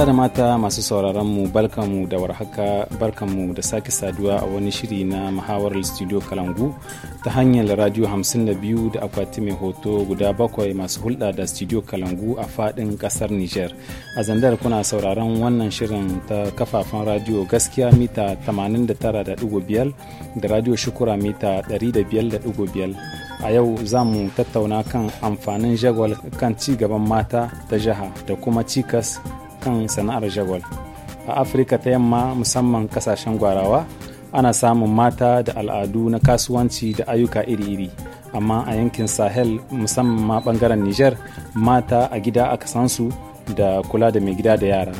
maza da mata masu mu barkanmu da warhaka barkanmu da sake saduwa a wani shiri na muhawarar studio kalangu ta hanyar radio 52 da akwati mai hoto guda bakwai masu hulɗa da studio kalangu a faɗin kasar niger a zandar kuna sauraron wannan shirin ta kafafen radio gaskiya mita 89.5 da radio shukura mita 105.5 a yau za mu tattauna kan amfanin jagwal kan ci gaban mata ta jiha da kuma cikas kan sana'ar jagwal a afirka ta yamma musamman kasashen gwarawa ana samun mata da al'adu na kasuwanci da ayyuka iri-iri amma a yankin sahel musamman ma bangaren niger mata a gida aka san su da kula da mai gida da yara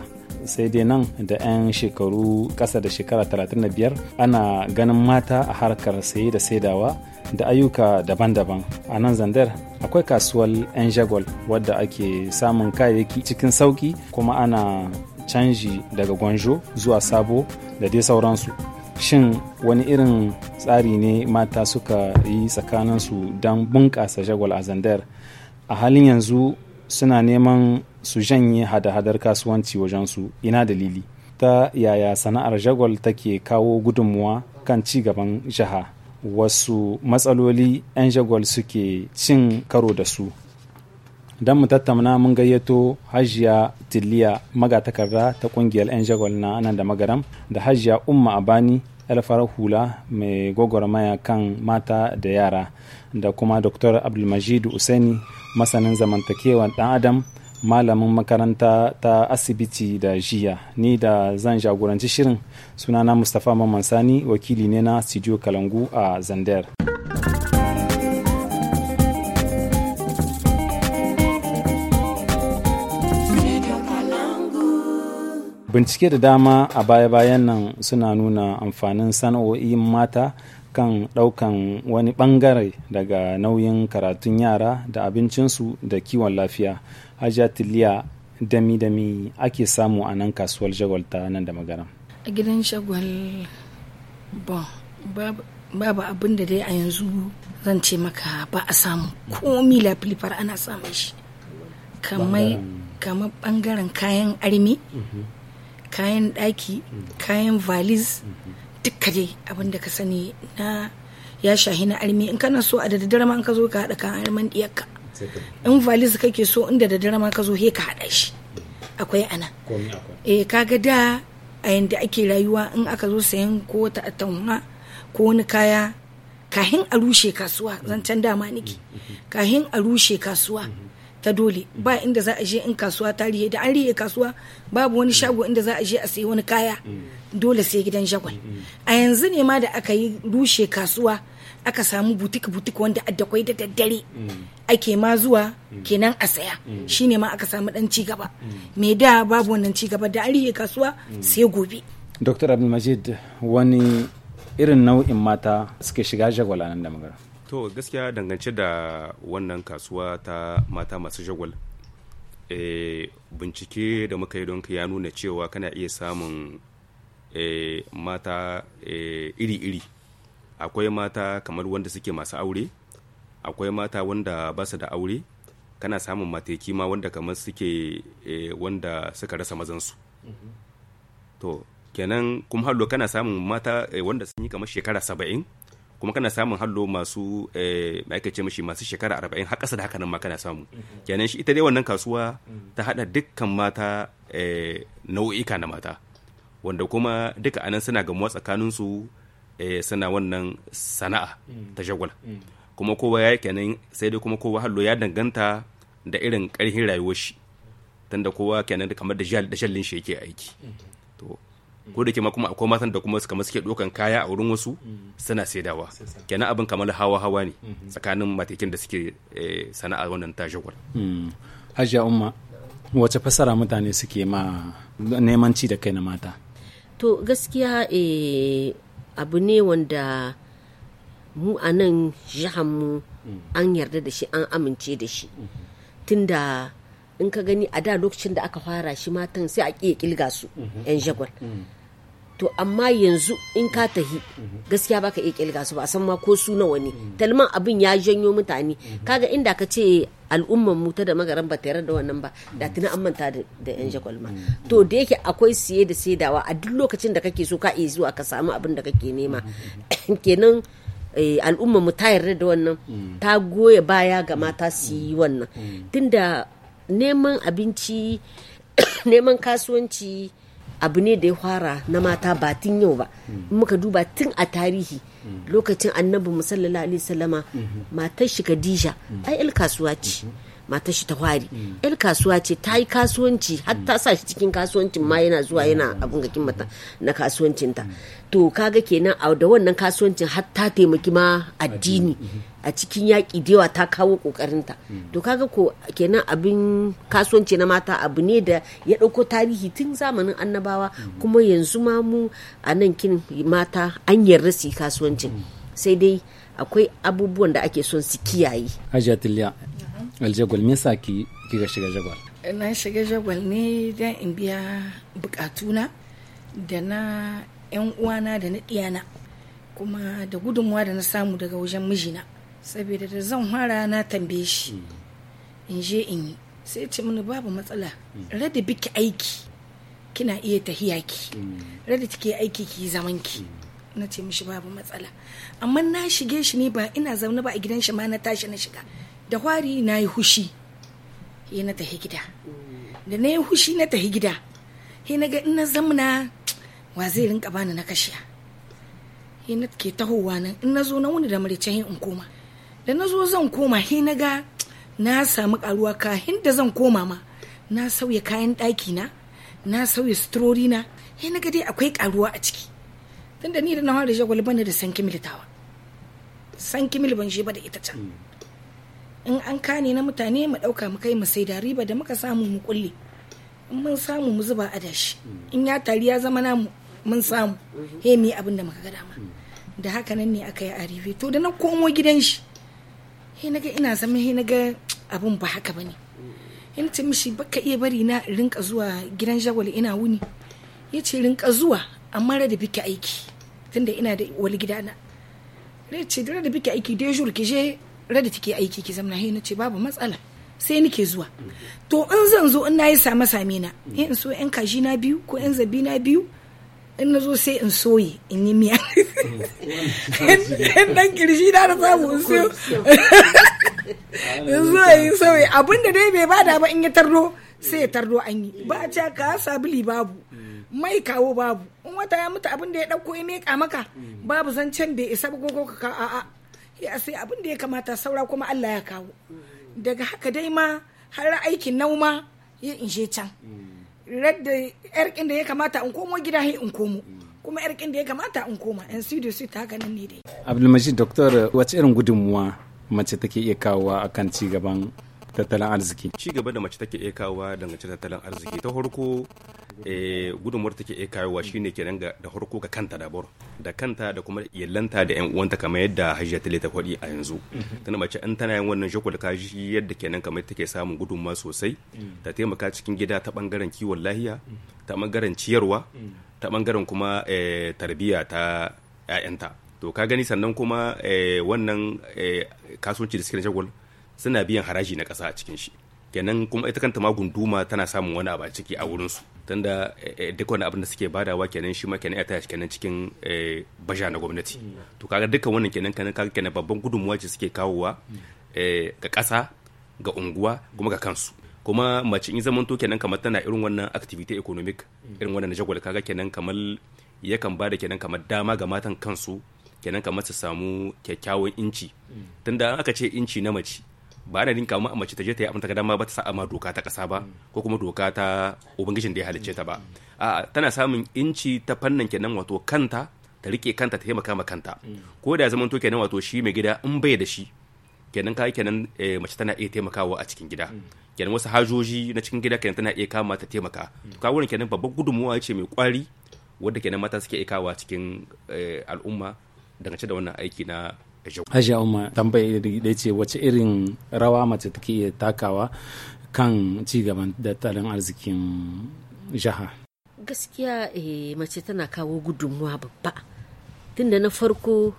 sai dai nan da 'yan shekaru ƙasa da shekara 35 ana ganin mata a harkar saye da saidawa da ayyuka daban-daban a nan zandar akwai kasuwar 'yan jagol wadda ake samun kayayyaki cikin sauki kuma ana canji daga gwanjo zuwa sabo da dai sauransu shin wani irin tsari ne mata suka yi tsakaninsu don bunƙasa jagwal a zandar a halin yanzu suna neman su janye hada-hadar kasuwanci wajensu ina dalili ta yaya sana'ar jagwal take kawo gudunmuwa kan ci gaban jiha wasu matsaloli 'yan jagwal suke cin karo da su don mu tattauna mun gayyato hajiya tiliya magatakarda ta kungiyar 'yan jagwal na nan da magaram da hajiya umma abani yar farar hula mai gwagwarmaya kan mata da yara da kuma dr abdulmajid usaini masanin zamantakewar dan adam malamin makaranta ta asibiti da jiya ni da zan jagoranci shirin sunana mustapha mamman sani wakili ne na studio kalangu a zander. bincike da dama a baya-bayan nan suna nuna amfanin sana'o'i mata kan ɗaukan wani ɓangare daga nauyin karatun yara da abincinsu da kiwon lafiya hajiya tiliya dami-dami ake samu a nan kasuwar jagwal ta nan da magana a gidan shagwal babu abin da dai a yanzu zan ce maka ba a samu komi lafilifar ana samun shi kamar bangaren kayan armi mhm. kayan ɗaki kayan valis dukka dai abin da ka sani na ya shahi na armi in kana so a da daddare ma ka zo ka haɗa kan arman ɗiyarka in valis kake so inda da daddare ma ka zo he ka haɗa shi akwai ana eh kaga da a yanda ake rayuwa in aka zo sayan ko wata atamma ko wani kaya kahin a rushe kasuwa zancen dama niki mm-hmm. kahin a rushe kasuwa mm-hmm. ta dole ba inda za a je in kasuwa ta riye da an riye kasuwa babu wani shago inda za a je a sayi wani kaya dole sai gidan jagwal a yanzu ne ma da aka yi rushe kasuwa aka samu butik butik wanda kwai da daddare ake ma zuwa kenan a saya shine ma aka samu dan ci gaba me da babu wannan ci gaba da an riye kasuwa sai gobe dr abdulmajid wani irin nau'in mata suke shiga jagwal nan da magana to gaskiya dangance da wannan kasuwa ta mata masu shagwal e, eh, bincike da muka yi don ya nuna cewa kana iya samun e, mata eh, iri-iri akwai mata kamar wanda suke masu aure akwai mata wanda ba su da aure kana samun mateki ma wanda kamar suke wanda suka rasa mazansu mm-hmm. to kenan kuma hallo kana samun mata wanda sun yi kamar shekara saba'in kuma kana samun hallo masu eh, ma'aikace mashi masu shekara arba'in har ƙasa da haka nan ma kana samu kenan shi ita dai wannan kasuwa ta haɗa dukkan mata eh, nau'ika na mata wanda kuma duka anan suna gamuwa tsakaninsu eh, suna wannan sana'a ta shagwal kuma kowa ya kenan sai dai kuma kowa hallo ya danganta da irin ƙarfin rayuwar shi tunda kowa kenan kamar da shallin shi yake aiki ko da ke ma kuma akwai matan da kuma suka masu suke dokan kaya a wurin wasu mm. suna saidawa kenan abin kamar hawa hawa ne mm-hmm. tsakanin matakin da suke eh, sana'a wannan ta shagwal mm. hajiya umma wace fasara mutane suke ma neman ci da kai na mata to gaskiya eh, abu ne wanda mu a nan mu mm. an yarda da shi an amince da shi mm-hmm. tunda in ka gani a da lokacin da aka fara shi matan sai a ƙi ƙilga su 'yan mm-hmm. jagwal to amma yanzu in ka tahi gaskiya baka iya kirga su ba san ma ko su nawa ne mm. talman abin ya janyo mutane mm-hmm. kaga inda ka ce al'umman mu ta da magaran ba tare da wannan ba da tuna an manta da yan jakwalma mm-hmm. to da yake akwai siye da saidawa a duk lokacin da kake so ka iya zuwa ka samu abin da kake nema mm-hmm. kenan eh, al'umman mu ta yarda da wannan mm. ta goya baya ga mata su yi wannan mm. tunda neman abinci neman kasuwanci abu ne da ya fara na mata ba tun yau ba mm. muka duba tun a tarihi mm. lokacin annabi musallala alaihi salama mm-hmm. matar shi khadija mm. ai kasuwa ce mm-hmm. matar shi ta hwari yar kasuwa ce ta yi kasuwanci har ta sa shi cikin kasuwancin ma yana zuwa yana abun gakin mata na kasuwancin ta to kaga kenan a da wannan kasuwancin har ta taimaki ma addini a cikin yaƙi da yawa ta kawo ƙoƙarinta to kaga ko kenan abin kasuwanci na mata abu ne da ya ɗauko tarihi tun zamanin annabawa kuma yanzu ma mu a nan kin mata an yarda su yi kasuwancin sai dai akwai abubuwan da ake son su kiyaye aljagwal me yasa ki kika shiga jagwal na shiga jagwal ne don in biya bukatuna da na yan uwana da na ɗiyana kuma da gudunmuwa da na samu daga wajen mijina saboda da zan fara na tambaye shi mm. in je in yi sai ce mini babu matsala mm. rada biki aiki kina iya tahiya ki mm. rada kike aiki ki zaman ki na ce mishi babu matsala amma na shige shi ne ba ina zaune ba a gidan shi ma na tashi na shiga da hwari na yi hushi ya na tahi gida da na yi hushi na tahi gida ya na ga ina zamuna wa zai rinka bani na kashiya Ya na ke tahowa nan in na zo na wani da maricen in koma da na zo zan koma ya na ga na samu karuwa kahin da zan koma ma na sauya kayan ɗaki na na sauya suturori na ya na ga dai akwai karuwa a ciki tunda ni da na hwari shagwal bane da sanki militawa sanki mil ban shi ba da ita can mm. in an kane na mutane mu ɗauka mu kai mu sai da riba da muka samu mu kulle in mun samu mu zuba adashi mm. in ya tari ya zama namu mun samu mm-hmm. he mi abin da muka gada ma mm. da haka nan ne aka yi arife to da na komo gidan shi he naga ina zama he naga abin ba haka bane in mm. ce mishi baka iya bari na rinka zuwa gidan jagwal ina wuni ya ce rinka zuwa amma da biki aiki tunda ina da wani gidana ya ce da biki aiki dai jur je rada take aiki ki zamna na ce babu matsala sai nike zuwa to in zan zo in nayi same same na in so yan kaji na biyu ko yan zabi na biyu in na zo sai in soye in yi miya in dan kirshi na da samu in so in so yi soye abinda dai bai bada ba in ya tardo sai ya tardo an yi ba a ka sabili babu mai kawo babu in wata ya mutu abinda ya dauko ya meka maka babu zancen bai isa ba ko ka a'a ya sai abin da ya kamata saura kuma Allah ya kawo daga haka dai ma har aikin nauma ya inshe can radda yarkin da ya kamata in komo gida in komo kuma yarkin da ya kamata in koma in su da su ta haka nan ne dai abdulmajid doktor wace irin gudunmuwa mace take iya kawowa akan ci gaban tattalin arziki ci gaba da mace take iya kawowa dangance tattalin arziki ta farko Eh, gudunmuwar take iya kayowa shine kenan da harko ga kanta da bor da kanta da kuma yallanta da yan uwanta kamar yadda hajiya ta leta kwaɗi a yanzu mhm. tana mace in tana yin wannan shakul yadda kenan kamar take samun gudunmuwa sosai mhm. ta taimaka cikin gida ta ɓangaren kiwon lahiya mhm. ta ɓangaren ciyarwa ta ɓangaren kuma eh, tarbiyya ta 'ya'yanta to ka gani sannan kuma eh, wannan kasuwanci da suke na shagwal suna biyan haraji na ƙasa a cikin shi kenan kuma ita kanta ma gunduma tana samun wani abu a ciki a wurinsu tunda eh, eh, duk wani abin da suke badawa kenan shi ma kenan ya tashi kenan cikin eh, baja na gwamnati to kaga dukkan wannan kenan kenan kaga kenan babban gudunmuwa ce suke kawowa ga ƙasa ga unguwa kuma ga kansu kuma mace in zamanto kenan kamar tana irin wannan activity economic irin wannan jagwal kaga kenan kamar yakan bada kenan kamar dama ga matan kansu kenan kamar su samu kyakkyawan inci tunda an aka ce inci na mace ba da ninka ma mace ta je ta yi abin ta dama ba ta sa'a ma doka ta kasa ba ko kuma doka ta ubangijin da ya halicce ta ba a tana samun inci ta fannin kenan wato kanta ta rike kanta ta taimaka ma kanta mm. ko da zaman to kenan wato shi mai gida in bai da shi kenan kai kenan eh, mace tana iya taimakawa a cikin gida mm. kenan wasu hajoji na cikin gida kenan tana iya kama ta taimaka mm. ka wurin kenan babban gudunmuwa ce mai kwari wadda kenan mata suke iya kawa cikin eh, al'umma dangance da wannan aiki na Hajiya Umar tambayi da ce wace irin rawa mace take iya takawa kan cigaban tattalin arzikin jiha. Gaskiya eh, mace tana kawo gudunmuwa babba tunda na farko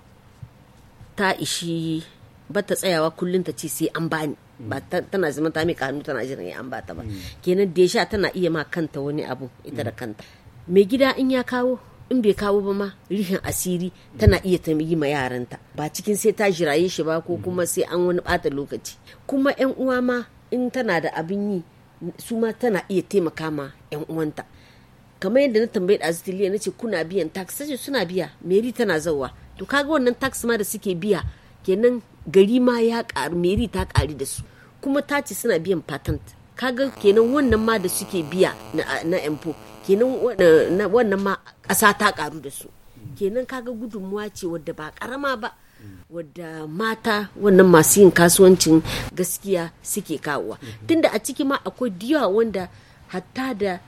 ta ishi ba ta tsayawa kullum ta ce sai an bani ba tana zama ta mika hannu tana jiran an ta ba mm. kenan da sha tana iya ma kanta wani abu ita da mm. kanta mai gida in ya kawo in bai kawo ba ma rihin asiri tana iya ta yi ma yaranta ba cikin sai ta jiraye shi ba ko kuma sai an wani bata lokaci kuma yan uwa ma in tana da abin yi su ma tana iya taimaka ma yan uwanta kamar yadda na tambayi da azitiliya na ce kuna biyan tax sai suna biya meri tana zawa to kaga wannan tax ma da suke biya kenan gari ma ya karu meri ta kari da su kuma ta ce suna biyan patent kaga kenan wannan ma da suke biya na, na kenan wannan ma ƙasa ta karu da su kenan kaga gudunmuwa ce wadda ba karama ba wadda mata wannan masu yin kasuwancin gaskiya suke kawowa tunda a ciki ma akwai diyawa wanda hatta da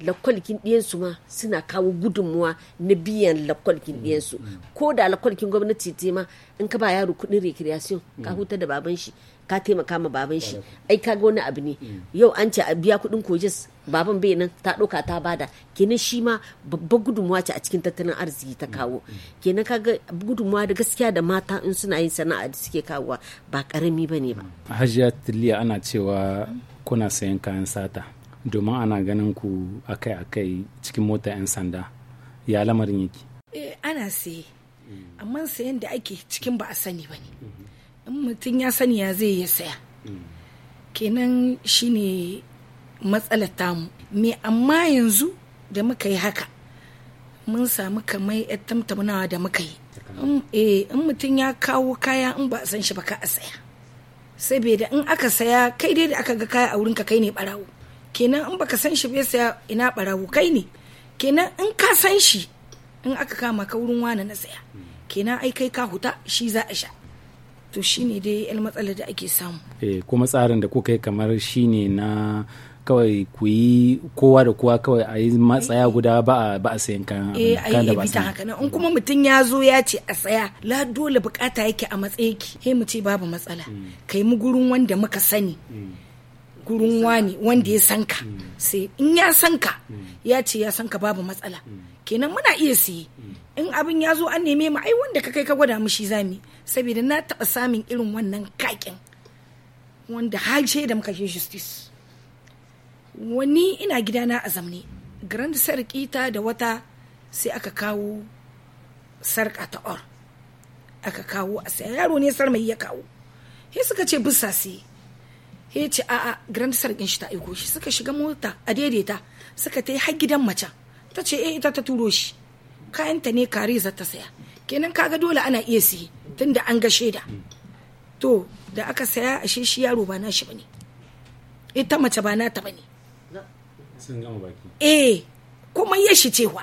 lakwalkin ɗiyansu ma suna kawo gudunmuwa na biyan lakwalkin ɗiyansu ko da lakwalkin gwamnati ce ma in ka ba yaro kuɗin recreation ka huta da baban shi ka taimaka ma baban shi ai ka ga wani abu ne yau an ce a biya kudin kojis baban bai nan ta doka ta bada kenan shi ma babban gudunmuwa ce a cikin tattalin arziki ta kawo kenan ka ga gudunmuwa da gaskiya da mata in suna yin sana'a da suke kawowa ba karami ba ne ba hajiya tiliya ana cewa kuna sayan kayan sata domin ana ganin ku akai-akai cikin mota 'yan sanda ya lamarin yake eh, ana saye amma sayan da ake cikin ba a sani ba ne in mutum ya sani ya zai ya saya kenan shine matsalar tamu me amma yanzu da muka yi haka mun samu kamar yar tamtamunawa da muka yi eh, in mutum ya kawo kaya in ba san shi ba ka a saya saboda in aka saya kai dai da aka ga kaya a wurinka kai ne barawo kenan in baka san shi bai saya ina barawo kai ne kenan in ka san shi in aka kama ka wurin wani na saya kenan ai kai ka huta shi za a sha to shine dai yan matsalar da ake samu eh kuma tsarin da kuka yi kamar shine na kawai ku yi kowa da kowa kawai a yi matsaya eh. guda ba a sayan kan eh, da ba a haka in kuma mutum ya zo ya ce a tsaya la dole bukata yake a matsayi ki he mu ce babu matsala hmm. kai mu gurin wanda muka sani hmm. gurin wani wanda ya sanka hmm. sai in ya sanka ya ce ya sanka babu matsala kenan muna iya siye in abin ya zo an neme mu ai wanda ka kai ka gwada mishi zami saboda na taɓa samun irin wannan kakin wanda har sai da muka justice wani ina gidana a zamne grand sarkita da wata sai aka kawo sarka ta or aka kawo a sai yaro ne sar mai ya kawo he suka ce bisa sai he ce a'a grand sarkin shi ta aiko shi suka shiga mota a daidaita suka ta har gidan macen ta ce eh ita ta turo shi kayanta ne kare za ta saya kenan kaga dole ana iya siye tunda an ga shaida to da aka saya ashe shi yaro ba nashi bane ita mace ba nata bane eh kuma ya shi cewa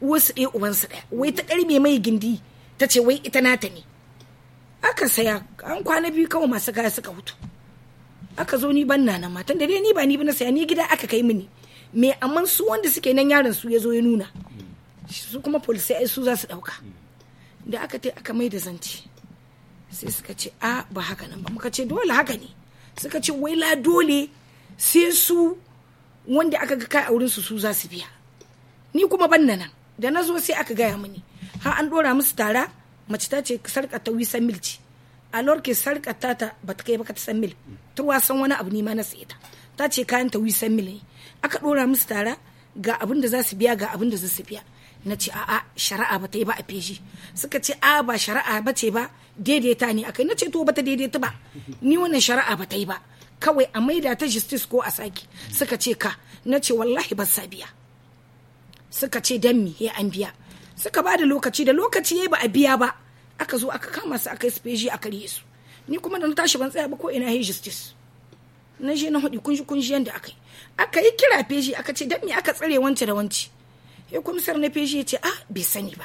wasu ɗaya ubansu ɗaya wai ta ƙarfe mai gindi ta ce wai ita nata ne aka saya an kwana biyu kawai masu gaya suka hutu aka zo ni ban na ma da dai ni ba ni ba na saya ni gida aka kai mini me amma su wanda suke nan yaran su ya zo ya nuna su kuma polisai su za su dauka da aka ta aka mai da zance sai suka ce a ba haka nan ba muka ce dole haka ne suka ce wai la dole sai su wanda aka ga kai a wurin su su za su biya ni kuma ban nan da na zo sai aka gaya mini har an dora musu tara mace ta ce sarka ta wisan milci a lorke sarka ta ta ba ta kai ba ka ta san mil turwa san wani abu ne ma na sai ta ta ce kayan ta wisan mil ne aka ɗora musu tara ga abin da za su biya ga abin da za su biya na ce a'a shari'a ba ta yi ba a feshi suka ce a ba shari'a ba ce ba daidaita ne akai na ce to ba ta daidaita ba ni wannan shari'a ba ta yi ba kawai a maida ta justice ko a saki suka ce ka na ce wallahi ba sa biya suka ce dan mi an biya suka ba da lokaci da lokaci yayi ba a biya ba aka zo aka kama su a kai su feshi a karye su ni kuma da na tashi ban tsaya ba ko ina yi justice na je na hudu kunshi ji yadda aka yi aka yi kira feji aka ce dan me aka tsare wance da wance ya kumsar na feji ya ce ah bai sani ba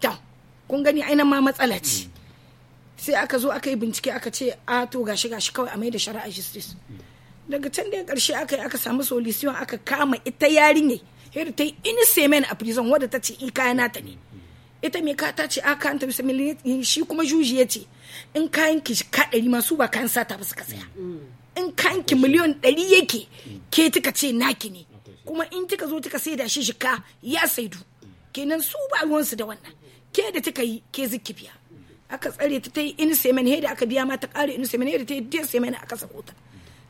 to kun gani aina ma matsala ce hmm. sai aka zo aka yi bincike aka ce a to gashi gashi kawai a mai da shari'a justice hmm. daga can da karshe aka yi aka samu solution aka kama ita yarinya yadda ta yi in a prison wadda ta ce i kaya nata ne hmm. ita mai kata ce a kanta bisa miliyan shi kuma juji ya ce in kayan ki ka ɗari masu ba kayan sata ba suka saya in kayan ki miliyon ɗari yake ke kika ce naki ne kuma in kika zo kika sai da shi shika ya saidu kenan su ba ruwansu da wannan ke da kika yi ke zikki biya aka tsare ta ta yi in semen da aka biya ma ta ƙare in semen da ta yi dai semen aka sako ta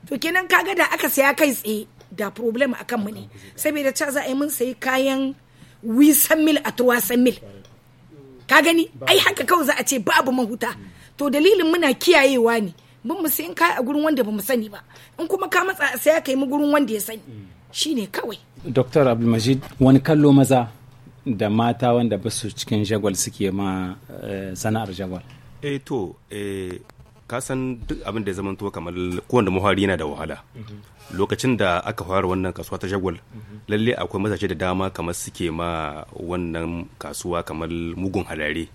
to kenan kaga da aka saya kai tsaye da problem akan mu ne saboda ca za a yi mun sayi kayan wisan mil a turwasan mil ka gani ai haka kawai za a ce babu mahuta to dalilin muna kiyayewa ne mun mu sayan kaya a gurin wanda ba mu sani ba in kuma ka matsa sai ka kai mu gurin wanda ya sani mm. shine kawai dr abdulmajid wani kallo maza da mata wanda ba su cikin jagwal suke ma eh, sana'ar jagwal eh to eh ka san duk abin da ya zamanto kamar kowanne muhari yana da wahala mm-hmm. lokacin da aka fara wannan kasuwa ta shagwal lalle akwai matashe da dama kamar suke ma wannan kasuwa kamar mugun halare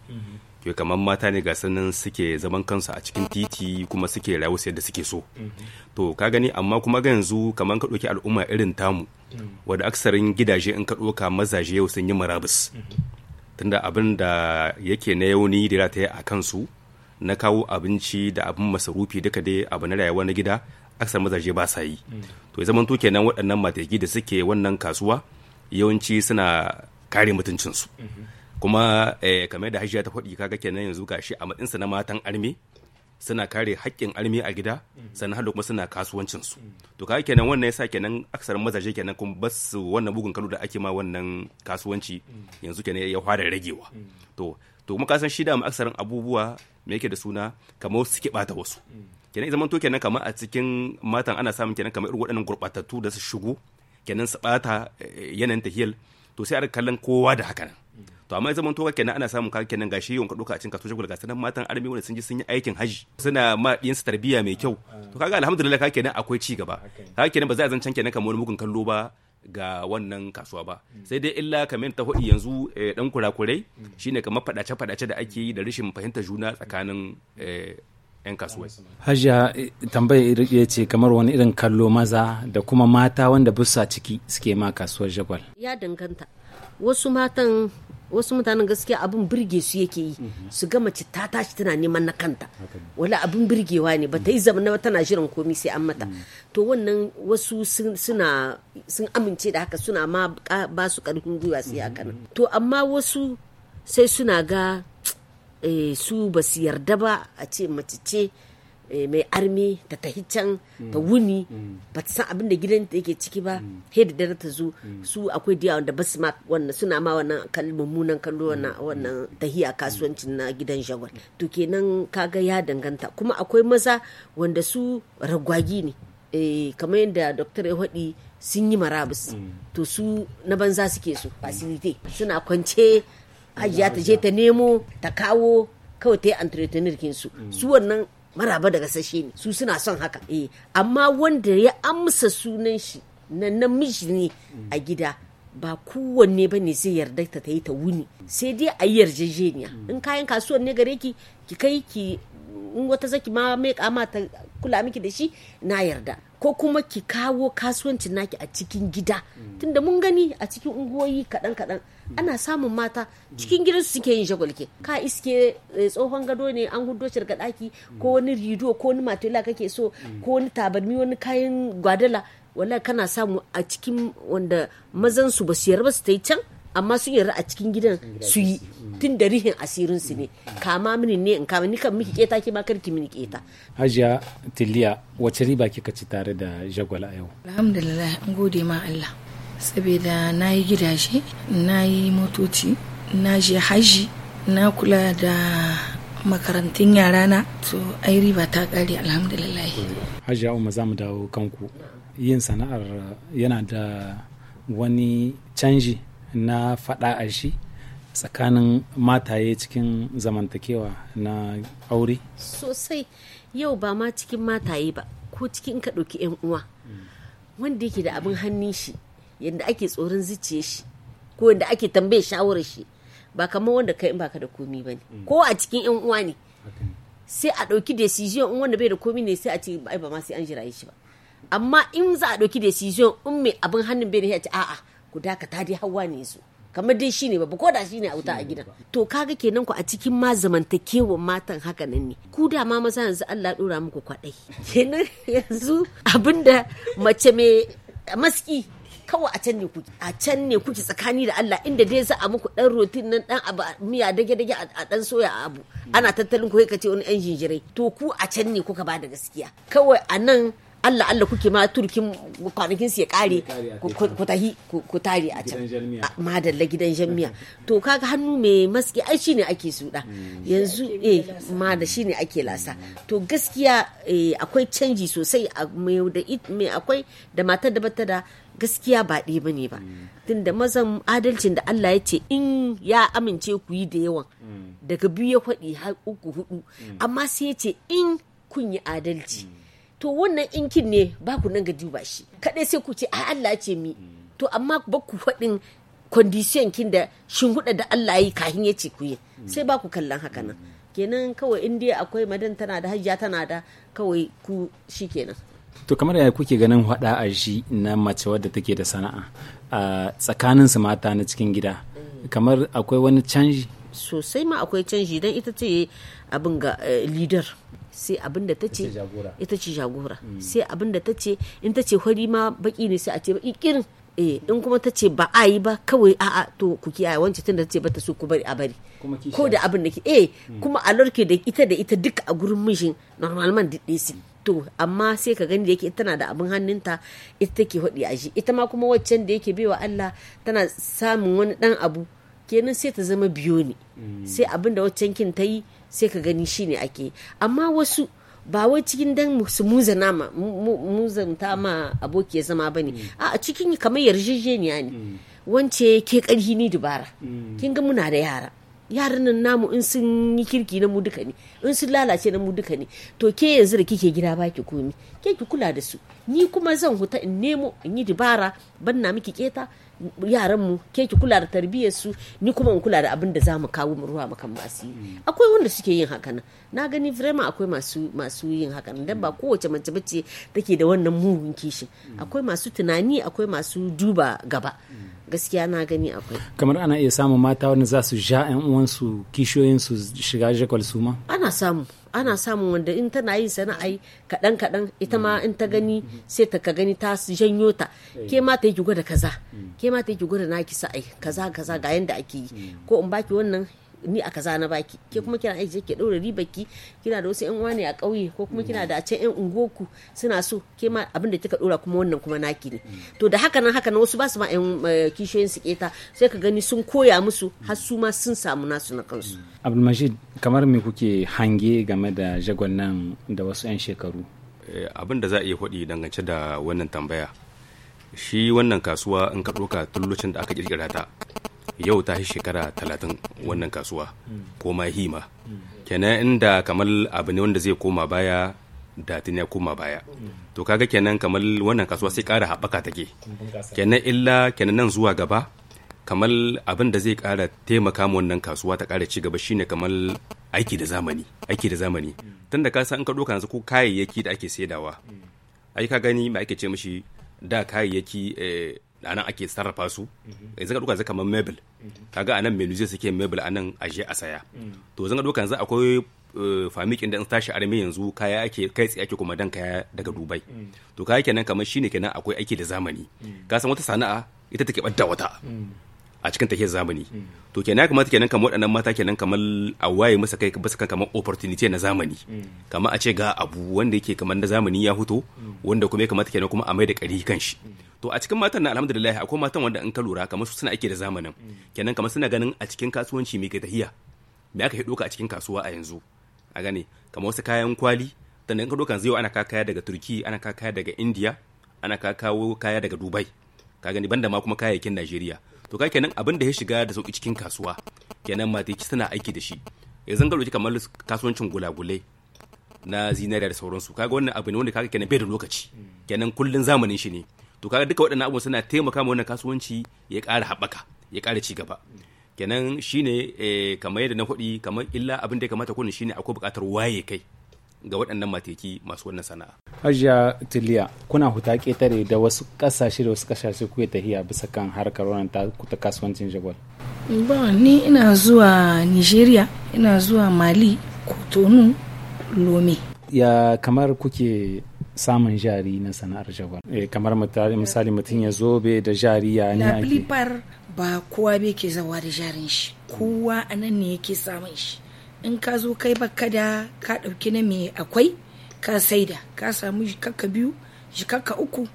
ke kamar mata ne ga sanin suke zaman kansu a cikin titi kuma suke rayuwa yadda suke so to ka gani amma kuma ga yanzu kamar ka ɗauki al'umma irin tamu wadda aksarin gidaje in ka ɗauka mazaje yau sun yi marabus tunda abin da yake na yauni da ta a kansu na kawo abinci da abin masarufi duka dai abu na rayuwa na gida aksar mazaje ba sa yi mm. to ya zamanto kenan waɗannan mataki da suke wannan kasuwa yawanci suna kare mutuncinsu mm-hmm. kuma eh, kamar da hajiya ta faɗi kaga kenan yanzu shi a matsinsa na matan arme suna kare haƙƙin armi a gida mm-hmm. sannan har kuma suna kasuwancinsu su mm. to kaga kenan wannan yasa kenan aksar mazaje kenan kuma ba su wannan bugun kalu da ake ma wannan kasuwanci mm. yanzu kenan ya fara ragewa to to kuma kasan shi da aksarin abubuwa me yake da suna kamar suke bata wasu kenan zaman to kenan kamar a cikin matan ana samun kenan kamar irin waɗannan gurɓatattu da su shigo kenan su ɓata eh, yanayin tahiyal to sai a kallon kowa da haka nan mm. to amma zaman to kenan ana samun kan kenan gashi yawan ka a cikin kasuwar shagul sanan matan armi wanda sun ji sun yi aikin haji suna ma ɗin su tarbiyya mai kyau ah, ah. to kaga alhamdulillah ka kenan akwai ci gaba ka kenan ba za a zancen kenan kamar wani mugun kallo ba ga wannan kasuwa ba mm. sai dai illa kamar ta hudi yanzu dan eh, kurakurai mm. shine kamar fadace fadace da ake yi da rashin fahimtar juna tsakanin eh, 'yan kasuwa. Hajiya tambayar ya ce kamar wani irin kallo maza da kuma mata wanda busa ciki suke ma kasuwar jagwal. Ya danganta wasu matan wasu mutanen gaskiya abin birge su yake yi su ga mace ta tashi tana neman na kanta wala abin birgewa ne ba ta yi zama zamana tana jiran komai sai an mata to wannan wasu suna sun amince da haka suna ma ba su karfin gwiwa sai haka to amma wasu sai suna ga Eh, su ba su yarda ba a ce mace ce eh, mai armi ta tahi can ta mm. wuni mm. ba ta san abin da gidan yake ciki ba mm. he da dare ta zo su akwai diya wanda ba su ma wannan suna ma wannan mummunan kallo wannan a kasuwancin na gidan shagwal to kenan kaga ya danganta kuma akwai maza wanda su ragwagi ne eh, kamar yadda doktor ya faɗi sun yi marabus to su na banza suke su fasilite. suna kwance hajiya ta je ta nemo ta kawo kawai ta yi su su wannan maraba daga sashe ne su suna son haka eh, amma wanda ya amsa sunan shi na namiji ne a gida ba kowanne ba ne zai yarda ta yi ta wuni sai dai a yi yarjejeniya in kayan kasuwar ne gare ki ki kai ki in wata zaki ma mai kama ta kula miki da shi na yarda ko kuma ki kawo kasuwancin naki a cikin gida tunda mun gani a cikin unguwoyi kaɗan kaɗan ana samun mata cikin gidansu suke yin shagulke ka iske eh, tsohon gado ne an hudo shi daga daki ko wani rido ko wani matula kake so ko wani tabarmi wani kayan gwadala wala kana samu a cikin wanda mazan su ba su yarda su ta yi can amma sun yarda a cikin gidan su yi mm. tun da rihin asirin su ne kama mini ne in kama ni kan miki keta ki ma karki mini keta hajiya tiliya wace riba kika ci tare da jagwal a yau alhamdulillah in gode ma Allah saboda na yi gidaje na yi motoci na je haji na kula da makarantun yara na to ai riba ta kare alhamdulillah hajiya umma za mu dawo kanku yin sana'ar yana da wani canji na faɗa a shi tsakanin mataye cikin zamantakewa na aure sosai yau ba ma cikin mataye ba ko cikin ka ɗauki 'yan uwa wanda yake da abin hannun shi yadda ake tsoron zuciye shi ko yadda ake tambaye shawarar shi ba kamar wanda kai in baka da komi ba ne mm. ko a cikin yan uwa ne sai a ɗauki decision in wanda bai da komi ne sai a ce ai ba ma sai an jira shi ba amma in za a ɗauki decision in mai abin hannun bai da a ce a'a ku dakata dai hawa ne su kamar dai shine ba ko da shine a wuta a gidan to kaga kenan ku a cikin ma zamantakewa matan haka nan ne ku da ma maza yanzu Allah dora muku kwadai kenan yanzu abinda mace mai maski kawai a can ne kuke a can ne kuke tsakani da Allah inda dai za a muku dan rotin nan dan abu miya dage dage a dan soya abu ana tattalin ku kace wani yan jinjirai to ku a can ne kuka ba da gaskiya kawai a nan Allah Allah kuke ma turkin kwanakin su ya kare ku tahi ku tare a can madalla gidan jamiya to kaga hannu mai maski ai shine ake suda hmm. yanzu eh ma da shine ake lasa to gaskiya eh, akwai canji sosai mai akwai da matar da batta da gaskiya ba ɗaya ne ba tunda mazan adalcin da Allah ya ce in ya amince ku yi da yawan daga biyu ya faɗi har uku hudu amma sai ya ce in kun yi adalci to wannan in inkin ne ba ku nan ga duba shi kaɗai sai ku ce a Allah ce mi to amma ba ku faɗin kin da shin huɗa da Allah yi kahin ya ce ku yi sai ba ku kallon haka nan kenan kawai in dai akwai madan tana da hajja tana da kawai ku shi kenan to kamar ya kuke ganin hada a shi na mace wadda take da sana'a a tsakanin su mata na cikin gida kamar akwai wani canji sosai ma akwai canji don ita ce abin ga eh, leader sai abin da ta ce ita ce jagora mm. sai abin da ta ce in ta ce hori ma baki ne sai a ce baki kirin eh in kuma ta ce ba a yi ba kawai a'a to ku kiyaye wance tun da ta ce ba ta so ku bari a bari ko da abin da ke eh mm. kuma a lorke da ita da ita duka a gurin mijin normal duk su to amma sai ka gani da yake tana da abin hannunta ita take hudi aji ita ma kuma waccan da yake baiwa Allah tana samun wani dan abu kenan sai ta zama biyo ne mm. sai abin da waccan kin ta yi sai ka gani shine ake amma wasu ba wai cikin dan su nama ma ta ma aboki ya zama bane mm. a cikin kamar yarjejeniya ne mm. wance ke karhi ni dubara kin ga muna da yara yarinan namu in sun yi kirki na mu duka ne in sun lalace na mu duka ne to ke yanzu da kike gida baki komi ke ki kula da su ni kuma zan huta in nemo in yi dibara banna miki keta yaran mu ke ki kula da tarbiyyar su ni kuma in kula da abin da zamu kawo mu ruwa makan masu mm. akwai wanda suke yin haka nan na gani vraiment akwai masu masu yin haka nan dan ba kowace mace bace take da wannan mugun kishin mm. akwai masu tunani akwai masu duba gaba mm. gaskiya na gani akwai kamar ana iya samun mata wanda za su ja yan uwansu kishiyoyin su shiga jakwal suma. ana samu ana samun wanda in tana yin sana'a kaɗan kaɗan ita ma in ta gani sai ta ka gani ta janyo ta ke ma ta yi gwada kaza ke ma ta yi gwada naki sa'ai kaza kaza ga yanda ake yi ko in baki wannan ni a kaza na baki ke kuma kina aiki ke ɗora riba ki kina da wasu yan uwa ne a ƙauye ko kuma kina da a can yan ungoku suna so ke ma abin da kika dora kuma wannan kuma naki ne to da haka nan haka nan wasu ba su ma yan eh, kishiyoyin su keta sai ka gani sun koya musu har su ma sun samu nasu na kansu abdulmajid kamar me kuke hange game da jagon da wasu yan shekaru eh, abin da za a iya faɗi dangance da wannan tambaya shi wannan kasuwa in ka ɗauka tun da aka kirkira ta yau ta yi shekara talatin wannan kasuwa hmm. ko ma hima hmm. kenan inda kamar abu ne wanda zai koma baya da tun ya koma baya hmm. to kaga kenan kamar wannan kasuwa sai kara haɓaka take kenan illa kenan nan zuwa gaba kamar abin da zai kara taimaka ma wannan kasuwa ta kara ci gaba shine kamar aiki da zamani aiki da zamani tunda ka san ka doka yanzu ko kayayyaki da ake saidawa ai ka gani ma ake ce mishi da kayayyaki eh, da nan ake sarrafa su mhm. yanzu ka duka zai kamar mebel mhm. kaga anan mai nuje suke mebel anan a je a saya mhm. to zan duka yanzu akwai eh, famikin da in tashi arme yanzu kaya ake kai tsaye ake kuma dan kaya daga dubai to kaya kenan kamar shine kenan akwai aiki da zamani ka san wata sana'a ita take badda wata a cikin take zamani to kenan kamata kenan kamar waɗannan mata kenan kamar a waye masa kai basu kan kamar opportunity na zamani kamar a ce ga abu wanda yake kamar na zamani ya huto wanda kuma ya kamata kenan kuma a mai da ƙari kan shi to a cikin matan na alhamdulillah akwai matan wanda in ka lura kamar su suna ake da zamanin kenan kamar suna ganin a cikin kasuwanci mai gadahiya me aka hido ka a cikin kasuwa a yanzu a gane kamar wasu kayan kwali da in ka dokan zai ana kaya daga turki ana kaya daga indiya ana kawo kaya daga dubai ka gani banda ma kuma kayayyakin najeriya to ka kenan abin da ya shiga da sauki cikin kasuwa kenan mataki suna aiki da shi zanga ka kamar kasuwancin gulagulai na zinariya da sauransu kaga wannan abu ne wanda kaga kenan bai da lokaci kenan kullun zamanin shi ne to kaga duka waɗannan abubuwan suna taimaka ma wannan kasuwanci ya ƙara haɓaka ya ƙara ci gaba kenan shine eh, kamar yadda na kuɗi kamar illa abin da ya kamata kuɗin shine akwai buƙatar waye kai ga waɗannan mateki masu wannan sana'a. Hajiya Tiliya, kuna huta ƙetare da wasu ƙasashe da wasu ƙasashe kuke tahiya bisa kan harkar wannan ta kasuwancin jagwal. Ba ni ina zuwa Nigeria, ina zuwa Mali, Kotonu, Lome. Ya kamar kuke samun jari na sana'ar shagon eh, kamar misali mutum ya zo bai da jari ya ne ake ba kowa bai ke zawa da jarin shi kowa a nan ne yake samun shi in ka zo kai ba kada ka ɗauki na me akwai ka saida ka samu shikakka biyu shikakka uku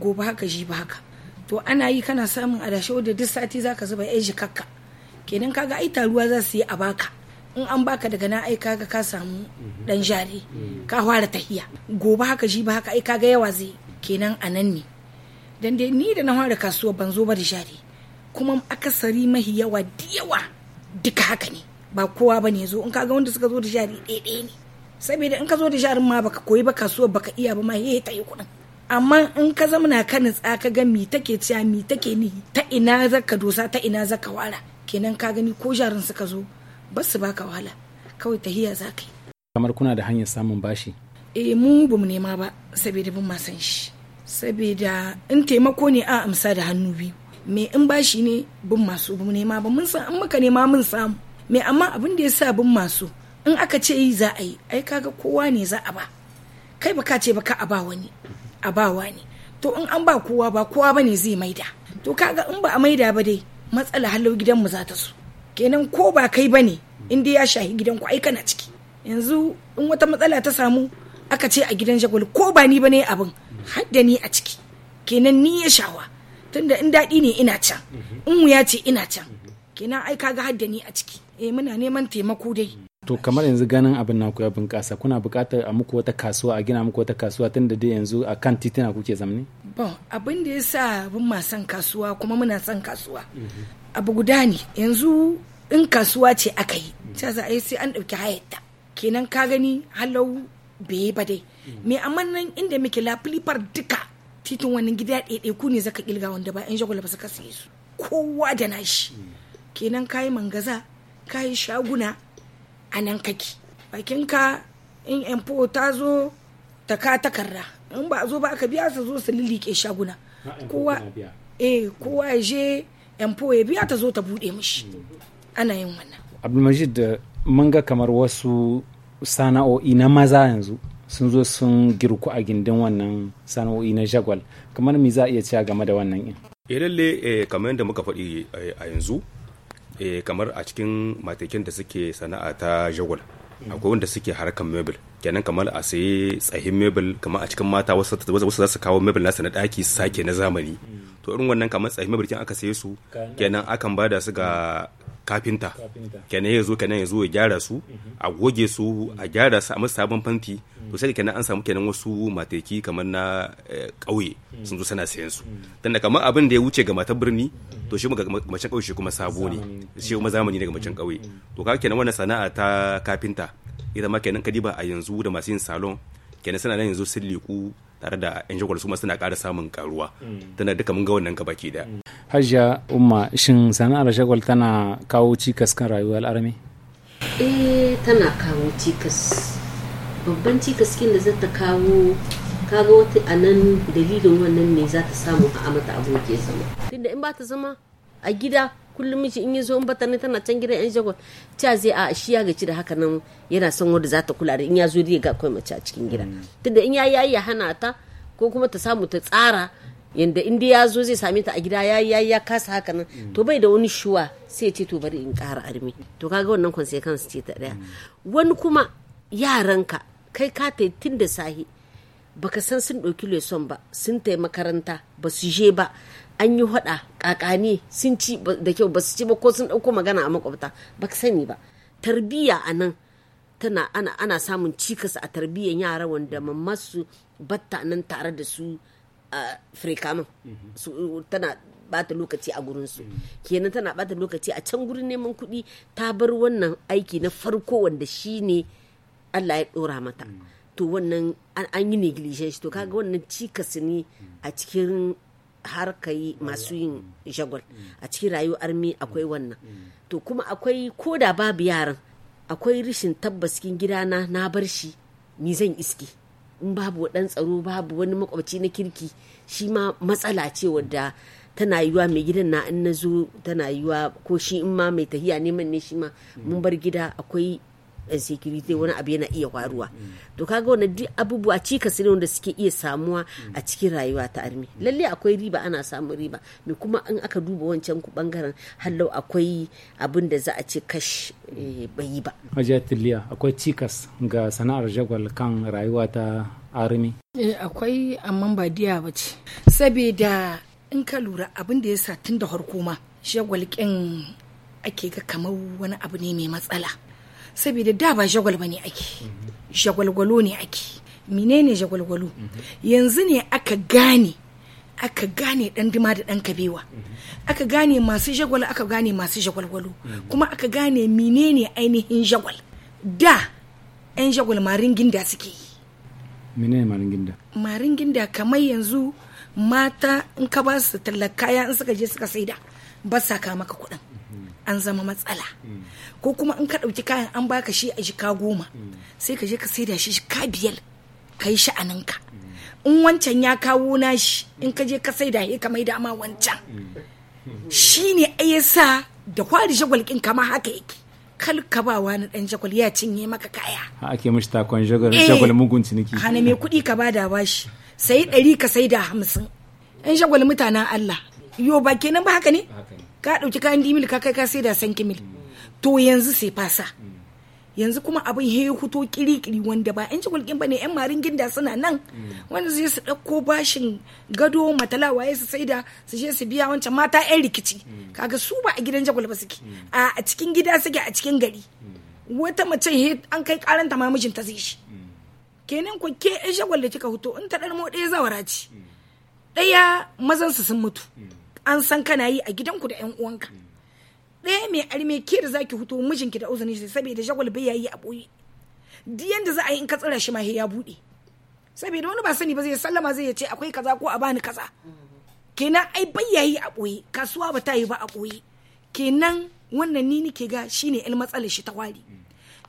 gobe haka ji ba haka to ana yi kana samun adashe da duk sati zaka zuba yan jikakka kenan kaga ai taruwa za su yi a baka in an baka daga na ai kaga ka samu mhm. dan jari mm. ka fara tahiya gobe haka ji ba haka ai kaga yawa zai kenan a nan ne dan dai ni da na fara kasuwa ban zo ba da jari kuma akasari mahi yawa da yawa duka haka ne ba kowa ba ne zo in kaga wanda suka zo da jari ɗaya ne saboda in ka zo da jarin ma baka koyi ba kasuwa baka iya ba ma he ta yi kuɗin amma in ka zamana ka tsaka ka ga mi take ciya mi take ni ta ina zaka dosa ta ina zaka wara kenan ka gani ko jarin suka zo ba su baka wahala kawai tahiya za ka yi kamar kuna da hanyar samun bashi eh mu ba mu nema ba saboda mun san shi saboda in taimako ne a amsa da hannu biyu me in bashi ne bin masu bin nema ba mun san an muka nema mun samu me amma abin da ya sa bin masu in aka ce yi za a yi ai kaga kowa ne za a ba kai ba ka ce ba ka a ba wani a ba wani to in an ba kowa ba kowa ba ne zai maida to kaga in ba a maida ba dai matsala halau gidanmu za ta so kenan ko ba kai ba ne in ya shahi gidan ku aika na ciki yanzu in wata matsala ta samu aka ce a gidan shagwal ko ba ni ba ne abin hadda ni a ciki kenan ni ya shawa tunda in daɗi ne ina can in wuya ce ina can kenan ai kaga hadda ni a ciki eh muna neman taimako dai to kamar yanzu ganin abin ku ya bunƙasa kuna buƙatar a muku wata kasuwa a gina muku wata kasuwa tunda dai yanzu a kan titina kuke zamani. bon abin da ya sa bin ma son kasuwa kuma muna son kasuwa abu guda ne yanzu in kasuwa ce aka yi ta za a yi sai an ɗauki hayatta kenan ka gani halau bai yi ba dai me amma nan inda muke lafilifar duka titin wani gida ku ne zaka kilga wanda ba 'yan jagwal ba suka saye su kowa da nashi kenan ka yi mangaza ka yi shaguna a nan kake bakin ka in ta zo ta ka takarda in ba a zo ba aka biya su zo su lilike shaguna kowa eh kowa ya je fowa ya biya ta zo ta bude mishi ana yin wannan abdulmajid eh, mun ga kamar wasu sana'o'i na maza yanzu sun zo sun girku a gindin wannan sana'o'i na jagwal kamar me za a iya cewa game da wannan yin. ya eh, lalle eh, kamar yadda muka faɗi a yanzu kamar a cikin matakin da suke sana'a ta jagwal akwai wanda suke harkar mebel kenan kamar a sayi tsahin mebel kamar a cikin mata wasu za su kawo mebel nasu na ɗaki sake na zamani to irin wannan kamar tsaye mabirkin aka saye su kenan akan bada su ga kafinta kenan ya zo kenan ya zo ya gyara su mhm. a goge su a gyara su a masu sabon fanti to mhm. sai kenan an samu kenan wasu mataki kamar na eh, ƙauye mhm. sun zo sana sayan su tunda kamar abin da ya wuce ga matar birni to shi ga macen ƙauye shi kuma sabo ne shi kuma zamani ne ga macen ƙauye to ka kenan wannan sana'a ta kafinta ita ma kenan kadiba a yanzu da masu yin salon kenan suna nan yanzu sun liku tare da yan jagwal su suna ƙara samun karuwa mm. tana duka mun ga wannan gaba ke da mm. hajja umma shin sana'ar shagwal tana kawo cikas kan rayuwar al'arami eh tana kawo cikas babban cikas kin da zata kawo kaga wata a nan dalilin wannan ne zata ta samu a mata abokin zama tunda in ba ta zama a gida kullum miji in ya zo in batarni tana can gidan yan shagon ta zai a shi ya gaci da haka nan yana son wanda za ta kula da in ya zo ga akwai mace a cikin gida mm. tunda in ya yayi ya hana ta ko kuma ta samu ta tsara yanda inda ya zo zai same ta a gida ya ya ya kasa haka nan mm. to bai da wani shuwa sai ya ce to bari in ƙara armi to kaga wannan consequence ce ta daya mm. wani kuma yaranka kai ka tai tun da sahi baka san sun ɗauki leson ba sun tai makaranta ba su je ba an yi hada kakani sun ci da kyau ba su ci ba ko sun dauko magana a makwabta ba ka sani ba tarbiyya a nan tana ana, samun cikas a tarbiyyar yara wanda mamasu batta nan tare da su a frekaman mhm. tana bata lokaci a gurinsu mhm. kenan tana bata lokaci a can gurin neman kuɗi ta bar wannan aiki na farko wanda shi allah ya ɗora mata mhm. to wannan an yi negligence to kaga wannan cikas ne a cikin har ka yi masu yin jagwal a cikin rayuwar armi akwai wannan to kuma akwai ko da babu yaran akwai rishin tabbas cikin gidana na bar shi ni zan iske in babu dan tsaro babu wani makwabci na kirki shi ma matsala ce wadda tana yiwa mai gidan na in na zo tana yiwa ko shi in ma mai tahiya neman ne shi ma mun bar gida akwai insecurity wani abu yana iya faruwa to kaga wannan duk abubuwa cikas ne wanda suke iya samuwa a cikin rayuwa ta armi lalle akwai riba ana samun riba me kuma in aka duba wancan ku bangaren hallau akwai abin da za a ce kash eh, bai ba hajiya tiliya akwai cikas ga sana'ar jagwal kan rayuwa ta armi eh, akwai amma ba diya ba ce saboda in ka lura abin da ya sa tun da harko ma shagwalƙin ake ga kamar wani abu ne mai matsala saboda da ba shagwal ba ne ake shagwalgwalo ne ake menene shagwalgwalo yanzu ne aka gane aka gane dan dima da dan kabewa aka gane masu shagwal aka gane masu shagwalgwalo kuma aka gane menene ainihin shagwal da yan shagwal marin ginda suke yi menene marin ginda marin ginda kamar yanzu mata in ka ba su tallar kaya in suka je suka saida ba sa ka maka kuɗin an zama matsala ko kuma in ka ɗauki kayan an baka shi a jika goma sai ka je ka saida shi jika biyar ka yi sha'aninka in wancan ya kawo nashi in ka je ka saida ya ka mai ma wancan shi ne sa da kwari shagwalkin kama haka yake ka ba wani dan jagwal ya cinye maka kaya ha ake mishi takon jagwal eh, jagwal mugun ciniki hana mai kuɗi ka bada bashi sai ɗari ka saida hamsin yan jagwal mutanen Allah yo ba kenan ba haka ne ka ɗauki kayan dimil ka kai ka sai da san kimil to yanzu sai fasa yanzu kuma abin ya yi kiri-kiri wanda ba 'yan cikulkin ba ne 'yan marin ginda suna nan wanda zai su ɗauko bashin gado matala waye su saida su je su biya wancan mata 'yan rikici kaga su ba a gidan jagwal ba suke a cikin gida suke a cikin gari wata mace an kai karanta ma mijinta zai shi kenan ku ke 'yan jagwal da kika hutu in ta ɗan mo ɗaya zawara ce ɗaya mazan su sun mutu an san kana yi a gidanku da yan uwanka ɗaya mai arme ke da zaki hutu mijinki da uzuni sai saboda jagwal bai yayi a boye duk yanda za a yi in ka tsira shi ma ya buɗe saboda wani ba sani ba zai sallama zai ce akwai kaza ko a bani kaza kenan ai bai yayi a boye kasuwa ba ta yi ba a boye kenan wannan ni nike ga shine yan matsalar shi ta wari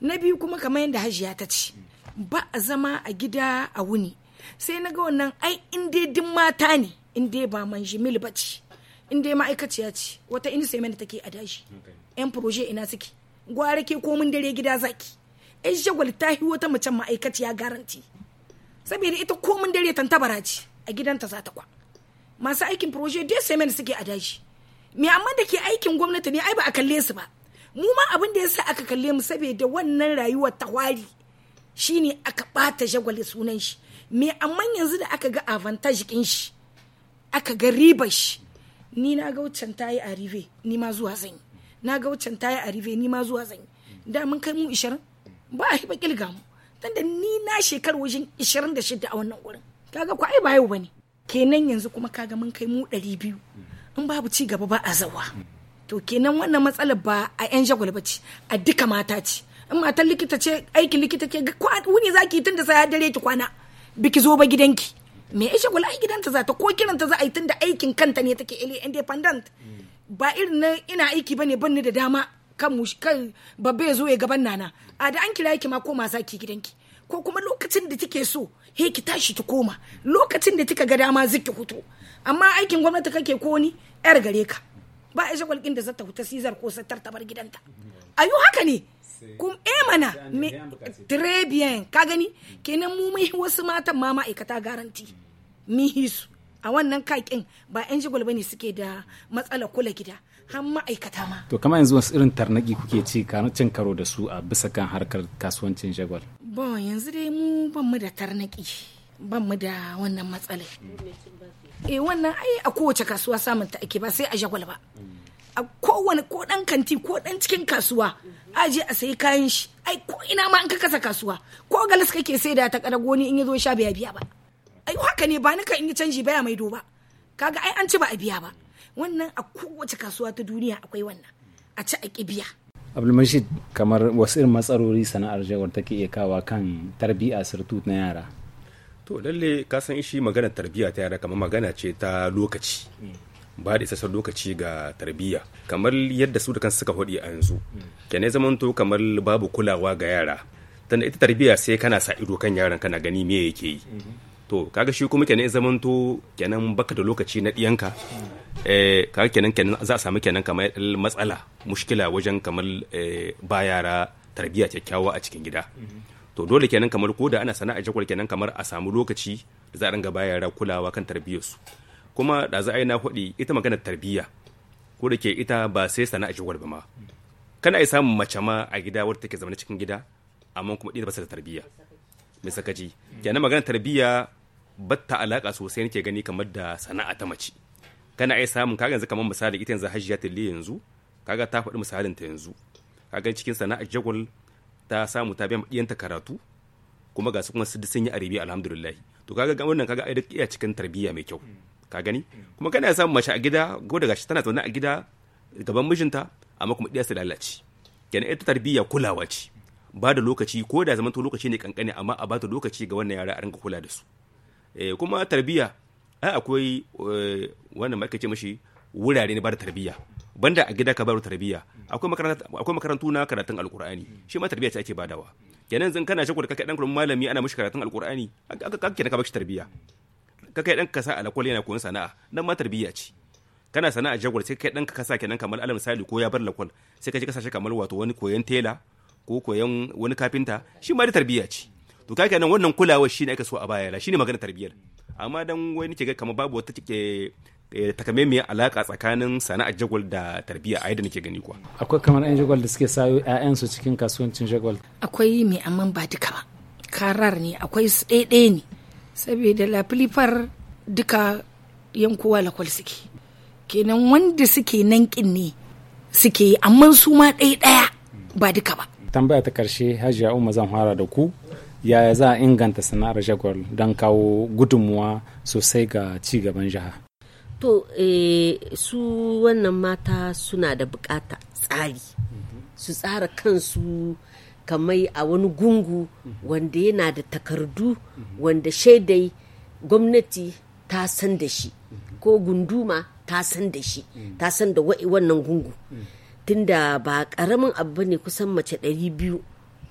na biyu kuma kamar yadda hajiya ta ce ba a zama a gida a wuni sai na ga wannan ai in dai din mata ne in dai ba manjimil jimil ba ce in dai ma'aikaciya ce wata in sai mana take a dashi yan proje ina suke gwara ke komin dare gida zaki yan shagwal ta hi wata macen ma'aikaciya garanti saboda ita komin dare tanta ce a gidanta za ta kwa masu aikin proje dai sai mana suke a dashi me amma da ke aikin gwamnati ne ai ba a kalle su ba mu ma abin da ya sa aka kalle mu saboda wannan rayuwar ta hwari shine aka bata shagwal sunan shi me amma yanzu da aka ga avantage kin shi aka ga riba shi ni na ga wuccan ta yi a rive ni ma zuwa zan na ga wuccan ta yi a rive ni ma zuwa zan da mun kai mu ishirin ba a hiba kilga mu tunda ni na shekar wajen ishirin da shida a wannan wurin kaga ku ai ba yau bane kenan yanzu kuma kaga mun kai mu ɗari biyu in babu ci gaba ba a zawa to kenan wannan matsalar ba a yan jagwal ba ce a duka mata ce in matan likita ce aikin likita ke wuni zaki tun da sai dare ki kwana biki zo ba gidanki me ya shagula ai gidanta za ta ko kiranta za a yi da aikin kanta ne take ele independent ba irin na ina aiki bane ban ni da dama kan kan babba ya zo ya gaban nana a da an kira ki ma ko za ki gidanki ko kuma lokacin da take so he ki tashi ki koma lokacin da kika ga dama ziki huto amma aikin gwamnati kake ko ni yar gare ka ba a shagwal da zata huta sizar ko sattar ta bar gidanta ayu haka ne kum e mana très bien ka gani kenan mu mai wasu matan ma ma'aikata garanti mi su a wannan kakin ba yan jigwal ne suke da matsala kula gida har ma'aikata ma to kama yanzu wasu irin tarnaki kuke ci cin karo da su a bisa kan harkar kasuwancin jagwal bon yanzu dai mu ban mu da tarnaki ban mu da wannan matsala mm. eh wannan ai a kowace kasuwa samun ta ake ba sai a jagwal ba mm. a kowane ko dan kanti ko dan cikin kasuwa a je a sayi kayan shi ai ko ina ma an ka kasa kasuwa ko ga galas kake saida ta ni in yazo sha biya biya ba ai haka ne ba ka in yi canji baya mai doba kaga ai an ci ba a biya ba wannan a kowace kasuwa ta duniya akwai wannan a ci a kibiya biya abdulmashid kamar wasu irin matsaloli sana'ar jawar take iya kawa kan tarbiya sirtu na yara to lalle ka san ishi magana tarbiya ta yara kamar magana ce ta lokaci mm. ba da isasshen lokaci ga tarbiyya kamar yadda su da kansu suka hudi a yanzu kenan zamanto kamar babu kulawa ga yara tunda ita tarbiyya sai kana sa ido kan yaran kana gani me yake yi to kaga shi kuma kenan zamanto kenan baka da lokaci na diyanka eh kaga kenan kenan za a samu kenan kamar matsala mushkila wajen kamar eh, ba yara tarbiyya kyakkyawa a cikin gida to dole kenan kamar ko da ana sana'a jakwal kenan kamar a samu lokaci za a ringa ba yara kulawa kan tarbiyyarsu kuma da za a yi na hudi ita magana tarbiyya ko da ke ita ba sai sana'a ce ba ma kana iya samun mace ma a gida wadda take zama cikin gida amma kuma ita ba sai tarbiyya mai sakaci kenan magana tarbiyya ba ta alaka sosai nake gani kamar da sana'a ta mace kana iya samun kaga yanzu kamar misali ita yanzu hajjiya tilli yanzu kaga ta faɗi misalin ta yanzu kaga cikin sana'ar jagwal ta samu ta biyan ɗiyanta karatu kuma ga su kuma sun yi arabi alhamdulillah to kaga wannan kaga ai duk iya cikin tarbiyya mai kyau ka gani kuma kana samun mace a gida ko daga shi tana zaune a gida gaban mijinta amma kuma ɗiyarsa lalace kenan ita tarbiyya kulawa ce ba da lokaci ko da zamanto lokaci ne kankane amma a ba ta lokaci ga wannan yara a ringa kula da su eh, kuma tarbiyya ai akwai eh, wannan ma ce mashi wurare ne ba da tarbiyya banda a gida ka ba da tarbiyya akwai akwai makarantu na karatun alkur'ani shi ma tarbiyya ce ake badawa kenan zan kana shakku da kake dan kullum malami ana mushi karatun alkur'ani aka kake ka bashi tarbiyya ka kai ɗanka sa alakwali yana koyon sana'a nan ma tarbiyya ce kana sana'a jagwal sai kai ɗanka ka sa kenan kamar alal misali ko ya bar lakwal sai ka je kasashe kamar wato wani koyon tela ko koyon wani kafinta shi ma da tarbiyya ce to kake nan wannan kulawar shi ne aka so a baya shi ne magana tarbiyyar amma dan wani ke ga kamar babu wata cike eh, eh, takamaimiyar alaka tsakanin sana'ar jagwal da tarbiyya a yadda nake gani kuwa akwai kamar yan jagwal da suke sayo su cikin kasuwancin jagwal akwai mai amman ba duka ba karar ne akwai ɗaiɗaya ne saboda lafilifar duka yankowa lakwal suke kenan wanda suke nan ne suke yi amma su ma ɗaya ɗaya ba duka ba tambaya ta karshe hajiya umma zan fara da ku yaya za a inganta sana'ar jagwal don kawo gudunmuwa sosai ga ci gaban jiha to eh, su wannan mata suna da bukata tsari su tsara kansu Kamai a wani gungu wanda yana da takardu wanda shaidai gwamnati ta san da shi ko gunduma ta san da shi ta san da wannan gungu tunda ba karamin abu ne kusan mace 200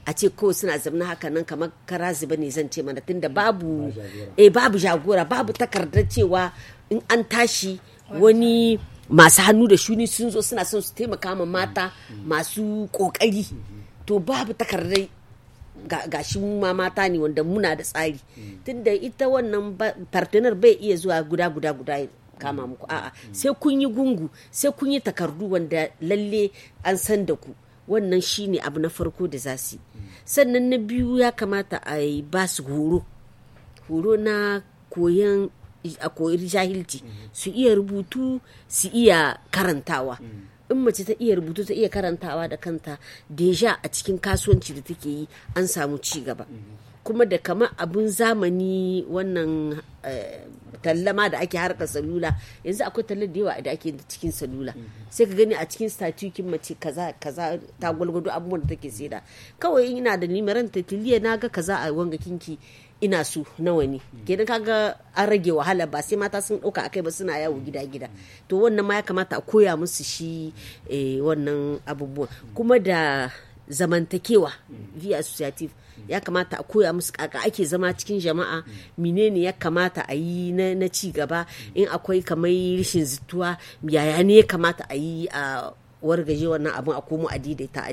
a ce ko suna zamna haka nan kamar karazi ba ne zan ce mana tunda babu eh babu jagora babu takardar cewa in an tashi wani masu hannu da shuni sun zo suna son su taimaka ma mata masu kokari to babu takardai ga shi ma mata ne wanda muna da tsari mm. tunda ita wannan partner bai iya zuwa guda guda guda kama muku mm. a'a sai kun yi gungu sai kun yi takardu wanda lalle an san da ku wannan shine abu na farko da za su mm. sannan na biyu ya kamata a yi ba su horo horo na koyon a koyar jahilci su iya rubutu su iya karantawa in mace ta iya rubutu ta iya karantawa da kanta deja a cikin kasuwanci da take yi an samu ci gaba kuma da kama abun zamani wannan eh, tallama da ake harka salula yanzu akwai tallar da yawa da ake cikin salula sai ka gani a cikin statukin mace kaza kaza ta gwalgwado abubuwan da take saida kawai ina da limaran ta tiliya na ga kaza a wanga kinki ina su nawa ne kenan kaga an rage wahala ba sai mata sun dauka akai ba suna yawo gida gida to wannan ma ya kamata a koya musu shi eh, wannan abubuwan kuma da zamantakewa via associative ya kamata a koya musu kaka ake zama cikin jama'a menene ya kamata a yi na ci gaba in akwai kamar rashin zituwa yaya ne ya kamata a yi a wargaje wannan abin a komo a ta a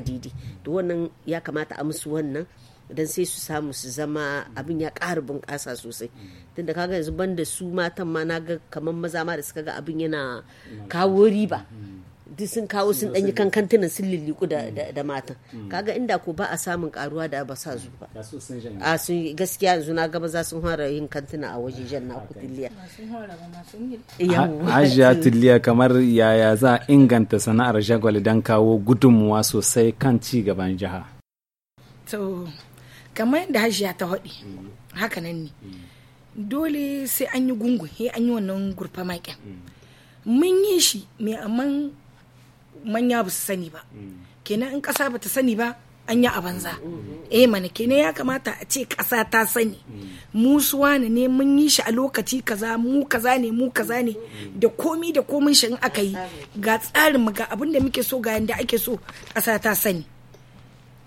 to wannan ya kamata a musu wannan don sai su samu su zama abin ya ƙara bunƙasa sosai tunda kaga yanzu banda su matan ma na ga kamar maza ma da suka ga abin yana kawo riba duk sun kawo sun ɗanyi kankantunan sun lilliku da matan kaga inda ko ba a samun karuwa da ba sa zuwa a sun gaskiya yanzu na gaba za sun fara yin kantuna a jan na ku tilliya ajiya tilliya kamar yaya za a inganta sana'ar jagwal don kawo gudunmuwa sosai kan ci gaban jiha kamar yadda hajiya ta haɗe hakanan ne dole sai an yi gungun sai an yi wannan gurfa maƙin mun yi shi mai amman manya ba su sani ba kenan in ƙasa ba ta sani ba an yi a banza eh mana kenan ya kamata a ce ƙasa ta sani mu suwa ne mun yi shi a lokaci kaza mu kaza ne mu kaza ne da komi da komin shi in aka yi ga tsarin ga abin da muke so ga yanda ake so ƙasa ta sani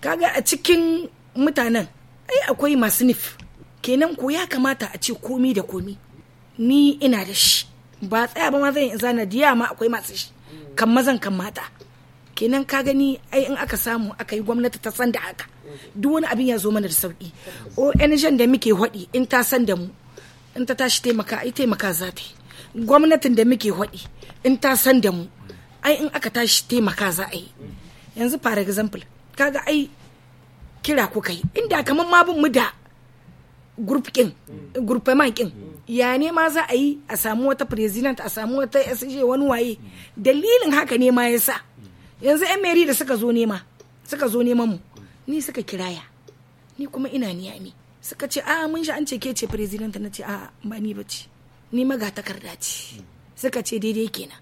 kaga a cikin mutanen ai akwai masu nif kenan ko ya kamata a ce komi da komi ni ina da shi ba tsaya ba ma zan yi zana diya ma akwai masu shi kan mazan kan mata kenan ka gani ai in aka samu aka yi gwamnati ta san da haka duk wani abin ya zo mana da sauki enjin da muke hwaɗi in ta san da mu in ta tashi taimaka ai taimaka za ta yi gwamnatin da muke hwaɗi in ta san da mu ai in aka tashi taimaka za a yi yanzu for example kaga ai kira ku yi inda kamar ma bin mu da gurfin gurfaman kin ya ne ma za a yi a samu wata president a samu wata SJ wani waye dalilin haka ne ma yasa yanzu yan meri da suka zo nema suka zo neman mu ni suka kiraya ni kuma ina niya ne suka ce a mun sha an ce ke ce president na ce a ba ni bace ni maga takarda ce suka ce daidai kenan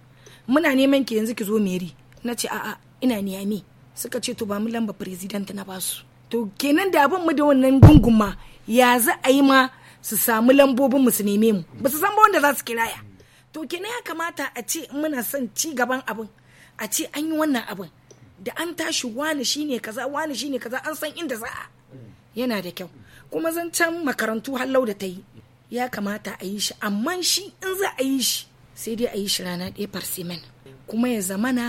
muna neman ki yanzu ki zo meri na ce a'a ina niya ne suka ce to ba mu lamba president na basu to kenan da abin mu da wannan gunguma ya za a yi ma su samu lambobin mu su neme mu ba su san ba wanda za su kiraya to kenan ya kamata a ce muna son ci gaban abin a ce an yi wannan abin da an tashi wani shine kaza wani shine kaza an san inda za a yana da kyau kuma zan can makarantu hallau da ta yi ya kamata a yi shi amma shi in za a yi shi sai dai a yi shi rana ɗaya farsimen kuma ya zamana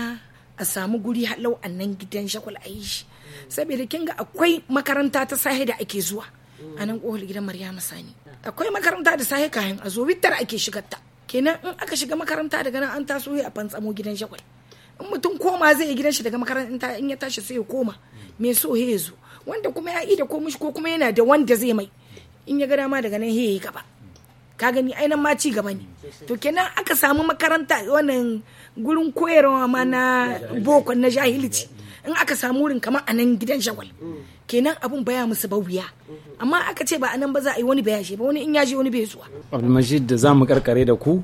a samu guri hallau a nan gidan shakwal a yi shi saboda kin ga akwai makaranta ta sahi da ake zuwa a nan kohol gidan maryama sani akwai makaranta da sahi kayan a zo wittar ake shigar ta kenan in aka shiga makaranta daga nan an taso ya a fantsamo gidan shakwai in mutum koma zai yi gidan shi daga makaranta in ya tashi sai ya koma me so ya zo wanda kuma ya da ko mishi ko kuma yana da wanda zai mai in ya gada ma daga nan he yi gaba ka gani ainihin ma ci gaba ne to kenan aka samu makaranta wannan gurin koyarwa ma na boko na jahilci in aka samu wurin kamar a nan gidan shawal kenan abun baya musu ba wuya amma aka ce ba a nan ba za a yi wani bayashe ba wani in ya wani bai zuwa abdulmajid da za mu karkare da ku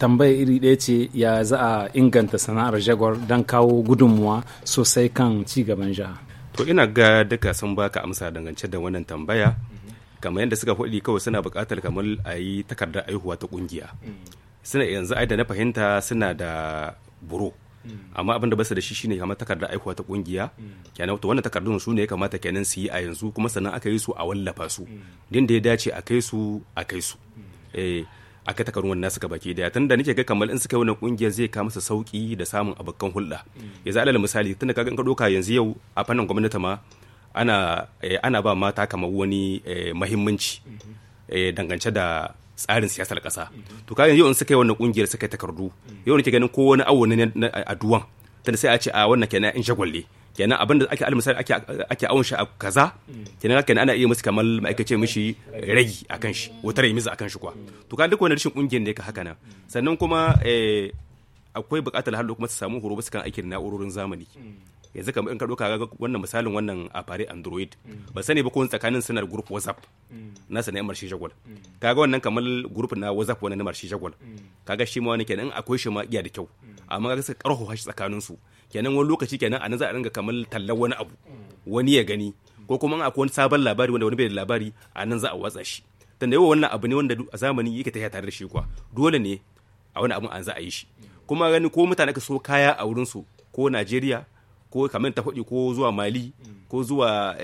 tambaya iri ɗaya ce ya za a inganta sana'ar jagwar don kawo gudunmuwa sosai kan ci gaban jiha to ina ga duka sun baka amsa dangance da wannan tambaya kamar yadda suka faɗi kawai suna buƙatar kamar a yi takardar aihuwa ta ƙungiya suna yanzu ai da na fahimta suna da buro amma abin da basu da shi shine kamar takarda aihuwa ta kungiya kenan to wannan takardun su ne kamata kenan su yi a yanzu kuma sannan aka yi su a wallafa su din da ya dace a kai su a kai su eh aka takarun wannan suka baki daya tunda nake ga kamar in suka yi wannan kungiya zai ka masa sauki da samun abokan hulɗa yanzu alal misali tunda kaga in ka doka yanzu yau a fannin gwamnati ma ana eh, ana ba mata kamar wani eh, mahimmanci eh, dangance da tsarin siyasar ƙasa to kayan yau in suka yi wannan kungiyar suka yi takardu yau ne ke ganin ko wani awo ne na aduwan da sai a ce a wannan kenan in shagwalle kenan abinda ake almisali ake awon shi a kaza kenan kenan ana iya musu kamar ma'aikace mishi ragi akan shi wata rai miza kan shi kuwa to ka duk wani rashin kungiyar ne ka haka nan sannan kuma eh, akwai buƙatar hallo kuma su samu horo bisa kan aikin na'urorin zamani yanzu kamar in ka ɗauka ga wannan misalin wannan a fare android ba sani ba ko tsakanin sanar group whatsapp mm. na sanar marshe jagwal mm. kaga wannan kamar group na whatsapp wannan marshe jagwal mm. kaga shi ma wani kenan akwai shi ma iya da kyau amma kaga suka karho hashi tsakanin su kenan wani lokaci kenan a nan za a ringa kamar tallar wani abu wani ya gani ko kuma akwai wani sabon labari wanda wani bai da labari a nan za a watsa shi tunda yawa wannan abu ne wanda a zamani yake tafiya tare da shi kuwa dole ne a wani abun an za a yi shi kuma gani ko mutane ka so kaya a wurin su ko Najeriya ko kamar ta faɗi ko zuwa mali ko zuwa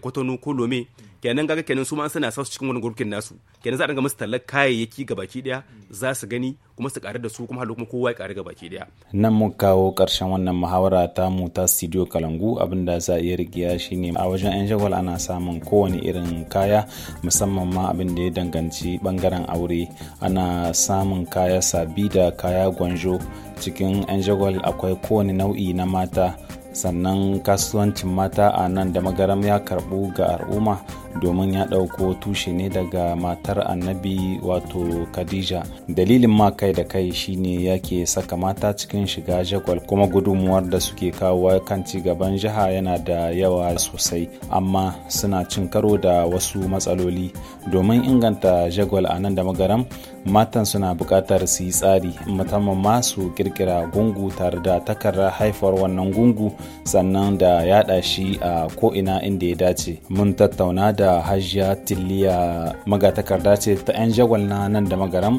kwatano eh, eh, eh, ko lome kenan gaga kenan su ma suna sa su cikin wani gurkin nasu kenan za a dinga musu tallar kayayyaki ga baki daya za su gani kuma su kare da su kuma halu kuma kowa ya kare ga baki daya nan mun kawo karshen wannan muhawara ta mu ta studio kalangu abinda za a iya rigiya shine a wajen yan jagwal ana samun kowane irin kaya musamman ma abin da ya danganci bangaren aure ana samun kaya sabi da kaya gwanjo cikin yan jagwal akwai kowane nau'i na mata sannan kasuwancin mata a nan da magaram ya karbu ga al'umma domin ya ɗauko tushe ne daga matar annabi wato khadija dalilin ma kai da kai shine yake saka mata cikin shiga jagwal kuma gudunmuwar da suke kawo kan ci gaban jiha yana da yawa sosai amma suna cin karo da wasu matsaloli domin inganta jagwal a nan da magaram matan suna buƙatar su yi tsari musamman masu kirkira gungu tare da takarar haifar wannan gungu sannan da yada shi a ko'ina inda ya dace mun tattauna da da hajjia tiliya magatakarda ce ta 'yan jagwal na nan da magaram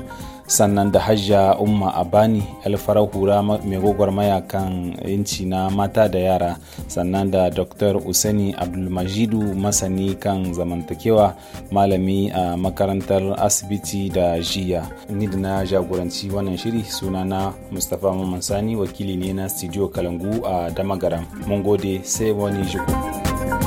sannan da hajjia umma abani alfarar hura mai gogwar mayakan yanci na mata da yara sannan da dr usani abdulmajidu masani kan zamantakewa malami a makarantar asibiti da jiya ni da na jagoranci wannan shiri sunana mustapha mamansani wakili ne na studio kalangu a damagaram mun gode sai wani jiko